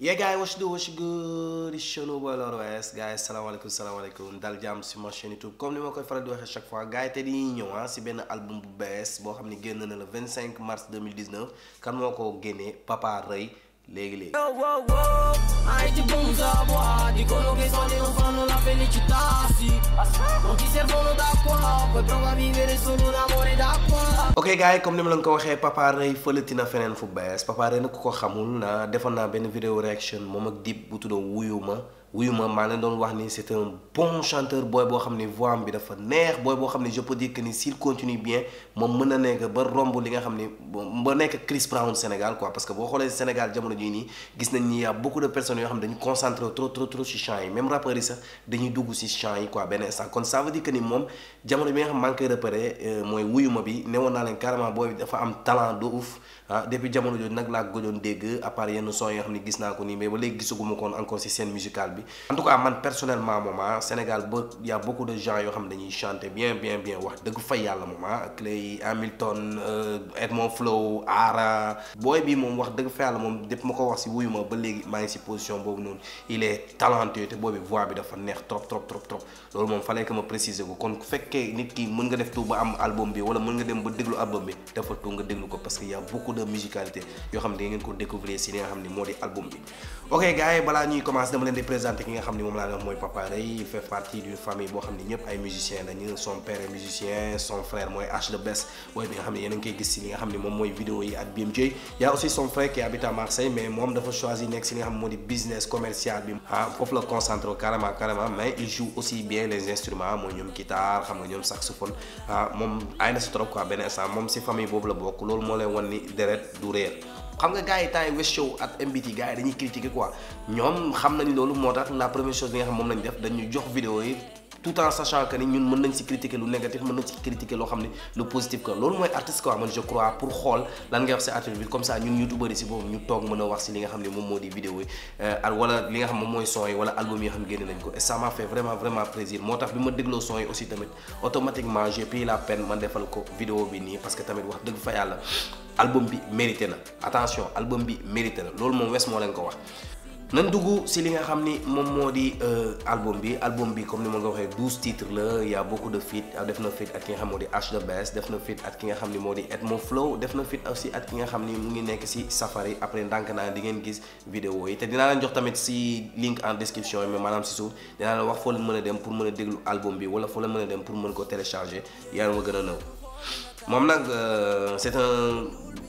yee gars yi wacc do wacc good it's your new boy Lord Wes gars yi salaamaaleykum salaamaaleykum dal jàmm si ma chaîne YouTube comme ni ma koy faral di waxee chaque fois gars yi te dañuy ñëw si ah, benn album bu bees boo xam ne génn na le 25 mars 2019 kan moo ko génnee Papa Rëy léegi léegi dai ok gars yi comme ni la leen ko waxee Papa Rey na feneen fu bees Papa Rey ku ko xamul na defoon naa benn vidéo réaction moom ak Dip bu tuddoon wuyu ma wuyu ma maa leen doon wax ni c'est un bon chanteur booy boo xam ni voix bi dafa neex booy boo xam ne je peux dire que continue bien moom mën na nekk ba romb li nga xam ni ba nekk Chris Brown Sénégal quoi parce que boo xoolee Sénégal jamono jii nii gis nañ ni y a beaucoup de personnes yoo xam ne dañu concentré trop trop trop ci chants yi même rappeurs yi sax euh, mooy wuyu ma bi newoon naa leen carrément booy dafa am talent do ouf ah depuis jamono jooju nag laa gëjoon dégg à part yenn son yoo xam ne gis naa ko nii mais ba léegi gisaguma koon encore ci scène musicale bi en tout cas man ah, ba ah, euh, bi moom wax dëgg fa yàlla moom dépp ma ko wax si wuyu ma ba maa ngi si position boobu noonu il est talentueux te boobi voix bi dafa neex trop trop trop trop loolu moom fallait que ma préciser ko kon fekkee nit ki mën nga def tout ba am album bi wala mën nga dem ba déglu album bi dafa tout nga déglu ko parce que y a beaucoup de musicalité yoo xam ne da moo di album bi ok gars yi balaa ñuy commencer dama leen di présenté ki nga xam ni moom laa doon mooy Papa fait partie d'une famille boo xam ni ñëpp ay musiciens lañu son père est musicien son frère mooy H the Best booy bi nga xam ne yéen a ngi koy gis si li nga xam ni moom mooy a aussi son frère business commercial bi ah, foofu la concentré carrément carrément mais il joue aussi bien les instruments mooy ñoom guitare xam nga ñoom saxophone ah, moom ay na si trop quoi benn instant moom si famille boobu la bokk loolu moo lay wan ni deret du réer xam nga gars yi temps yi West Show ak MBT gars yi dañuy critiquer quoi ñoom xam nañ loolu moo tax la première chose bi nga xam moom lañ def dañuy jox vidéo yi tout en sachant que ni ñun mën nañ si critiquer lu négatif mën nañ si critiquer loo xam ne lu positif que loolu mooy artiste quoi man je crois pour xool lan a wax si li nga xam ne moom moo di vidéo yi euh, wala li nga xam moom mooy son yi wala album yi xam génne nañ ko et ça m'a fait vraiment vraiment plaisir moo tax bi ma dégloo son yi aussi tamit automatiquement j'ai pris la peine man defal ko vidéo bi nii parce que tamit wax dëgg fa yàlla album bi mérité na bi mérité na loolu moom wes nañ dugg si li nga xam ni moom moo di euh, album bi album bi comme ni ma nga waxee douze titres la y' a beaucoup de feat ah, def na feat ak ki nga xam moo di H The Best def na feat ak ki nga xam ni moo di Edmo Flow def na feat aussi ak ki nga xam ni mu ngi nekk si Safari après ndànk naa di ngeen gis vidéo yi te dinaa leen jox tamit si link en description yi mais maanaam si suuf dinaa leen wax foo leen mën a dem pour mën a déglu album bi wala foo leen mën a dem pour mën ko télécharger yaa ma gën a nëw moom nag euh, c'est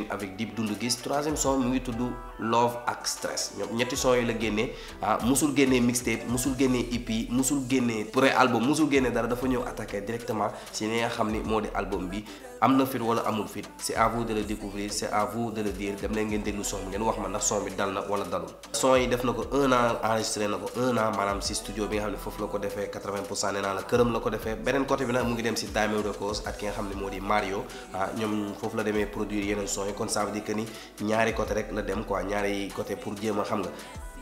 featuring avec Dip Doundou Guiss troisième son mu ngi tudd Love ak Stress ñoom ñetti son yi la génnee ah musul mixtape musul génnee EP musul génnee pré album musul génnee dara dafa ñëw attaqué directement si li nga xam ni moo di album bi am na fit wala amul fit c' est de le découvrir c' est de le dire dem leen ngeen déglu son bi ngeen wax ma ndax son bi dal na wala dalul son yi def na ko un an enregistré na ko un an maanaam si studio bi nga xam ne foofu kon ça veut dire que ni ñaari côté rek la dem quoi ñaari côté pour jéem a xam nga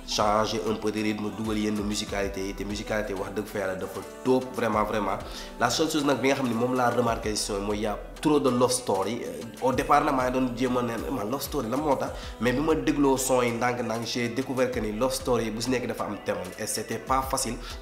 changer un peu de rythme dugal yenn musicalité yi te musicalité wax dëgg fa yàlla dafa tóob vraiment vraiment la seule chose nag bi nga xam ne moom laa remarqué si mooy yàpp trop de love story euh, au départ la maa ngi doon jéem a ne ma love story la moo tax mais bi ma dégloo son yi ndànk-ndànk j'ai découvert que ni love story bu si nekk dafa am thème et c'était pas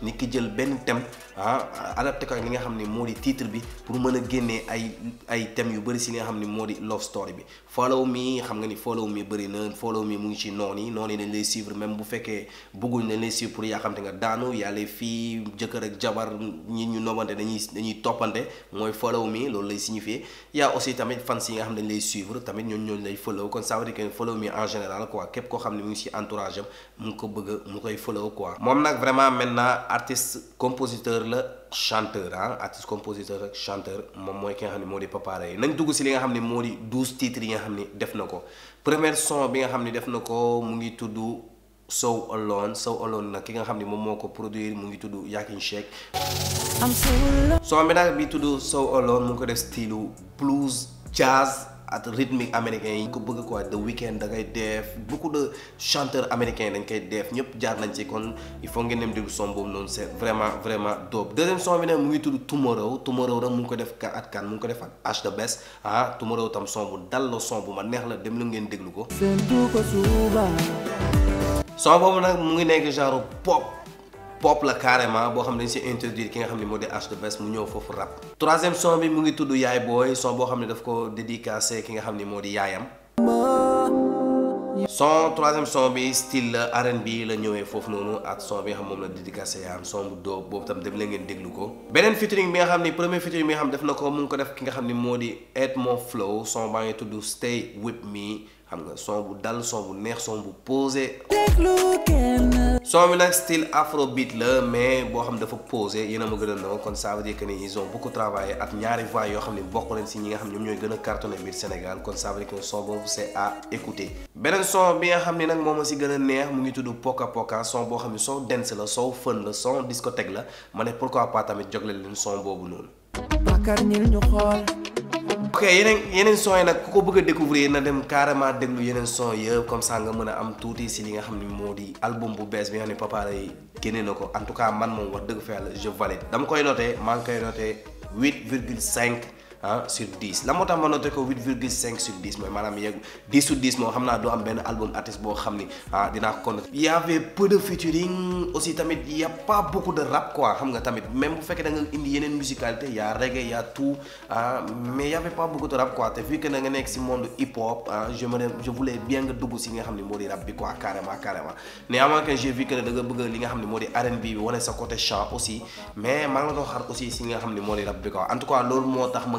ni ki jël benn thème ah adapté ko ak li xam ne moo di titre bi pour mën a génnee ay ay thèmes yu bëri si nga xam ne moo di love story bi follow me xam nga ni follow mii bëri na follow mii mu ngi ci noon yi noonu yi dañ lay suivre même bu fekkee bëgguñ dañ lay suivre pour yaa xam te nga daanu yàlla fii jëkkër ak jabar ñi ñu nobante dañuy dañuy toppante mooy follow me loolu lay signifier yaa a aussi tamit fans yi nga xam ne dañ lay suivre tamit ñooñ ñooñu lay follow kon ça veut dire que follow mi en général quoi képp ko xam ne mu ngi si entourage mu ngi ko bëgg mu koy follow quoi moom nag vraiment maintenant artiste compositeur la chanteur ah artiste compositeur ak chanteur moom mooy ki nga xam ne moo di Papa Rey nañ dugg si li nga xam ne moo di douze titres yi nga xam ni def na ko première son bi nga xam ne def na ko mu ngi tudd Sow Alone Sow Alone nag ki nga xam ne moom moo ko produire mu ngi tudd Yakin Cheikh soo ménage bi tudd So Alone mu ngi ko def style blues jazz ak rythmique américain yi ko bëgg quoi The Weeknd da ngay def beaucoup de chanteurs américains dañ koy def ñëpp jaar nañ ci kon il faut ngeen dem déglu son boobu noonu vraiment vraiment dope deuxième son bi nag mu ngi mu ngi ko def ka at kan mu ngi ko def ak H the best ah Tomorrow tam son bu dal la son bu ma neex la dem lu ngeen déglu ko. son boobu nag mu ngi nekk genre pop. pop la carrément boo xam ne dañ si interdire ki nga xam ne moo di H de Best mu ñëw foofu rap troisième son bi mu ngi tudd yaay booy son boo xam ne daf ko dédicacé ki nga xam ni moo di yaayam son troisième son bi style R&B la ñëwee foofu noonu ak son bi la dédicacé yaayam son bu dóob boobu tam dem la ngeen déglu ko beneen featuring bi nga xam ne premier featuring bi nga xam def na ko mu ngi ko def ki nga xam ne moo di Edmo Flow son baa ngi tudd Stay With Me xam nga son bu dal son bu neex son bu posé. son bi nag style afrobeat la mais boo xam dafa posé yéen a ma gën a nangu kon ça veut dire que ni ak ñaari voix yoo xam ne bokk nañ si ñi nga xam ñoom ñooy gën a cartonné biir kon ça veut dire que son boobu c' est à écouter. beneen son bi nga xam ne nag moom si gën a neex mu ngi tudd Poka Poka son boo xam ne son dance la son fun la son discothèque la ma ne pourquoi pas tamit jogle leen son boobu noonu. après yeneen yeneen son yi nag ku ko bëgg a découvrir na dem carrément déglu yeneen son yëpp comme ça nga mën a am tuuti si li nga xam ni moo di album bu bees bi nga xam ne Papa Lay génne na ko en tout cas man moom wax dëgg fa yàlla je valide dama koy noté maa ngi koy noté 8 virgule cinq ah sur la moo tax ma noté ko 8 virgule 5 sur 10 mooy maanaam yegg 10 sur 10 moom xam naa doo am benn album artiste boo xam ni ah a bu fekkee da indi yeneen musicalité y a reggae y a tout ah, mais y avait pas beaucoup de rap te vu que nekk si monde hip hop ah je me je voulais bien nga dugg nga xam ni moo di rap bi quoi carrément carrément mais avant que j'ai vu que ne bëgg li nga xam ni moo di R&B bi wane en tout cas loolu moo tax ma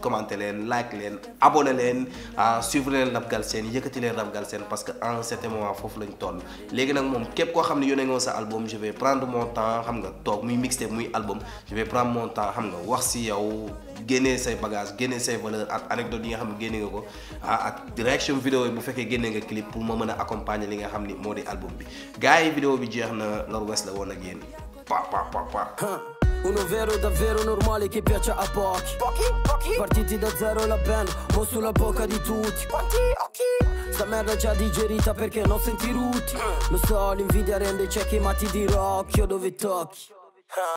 commenter leen like leen abonné leen ah, suivre leen Rap Galsen yëkkati leen Rap Galsen parce que en certain moment foofu lañ toll léegi nag moom képp koo xam ne yónnee nga sa album je vais prendre mon temps xam nga toog muy mixtape muy album je prendre mon xam nga wax si yow génnee say bagage génnee say valeur ak anecdote yi nga xam ne génne nga ko ah ak direction vidéo yi bu fekkee génne nga clip pour ma mën a accompagner li nga xam ni moo di album bi gars yi vidéo bi na Lor Wes la woon ak yéen Uno vero e davvero normale che piace a pochi Pochi, pochi Partiti da zero la band, mo sulla bocca di tutti Quanti occhi Sta merda già digerita perché non senti rutti Lo so, l'invidia rende ciechi ma ti dirò occhio dove tocchi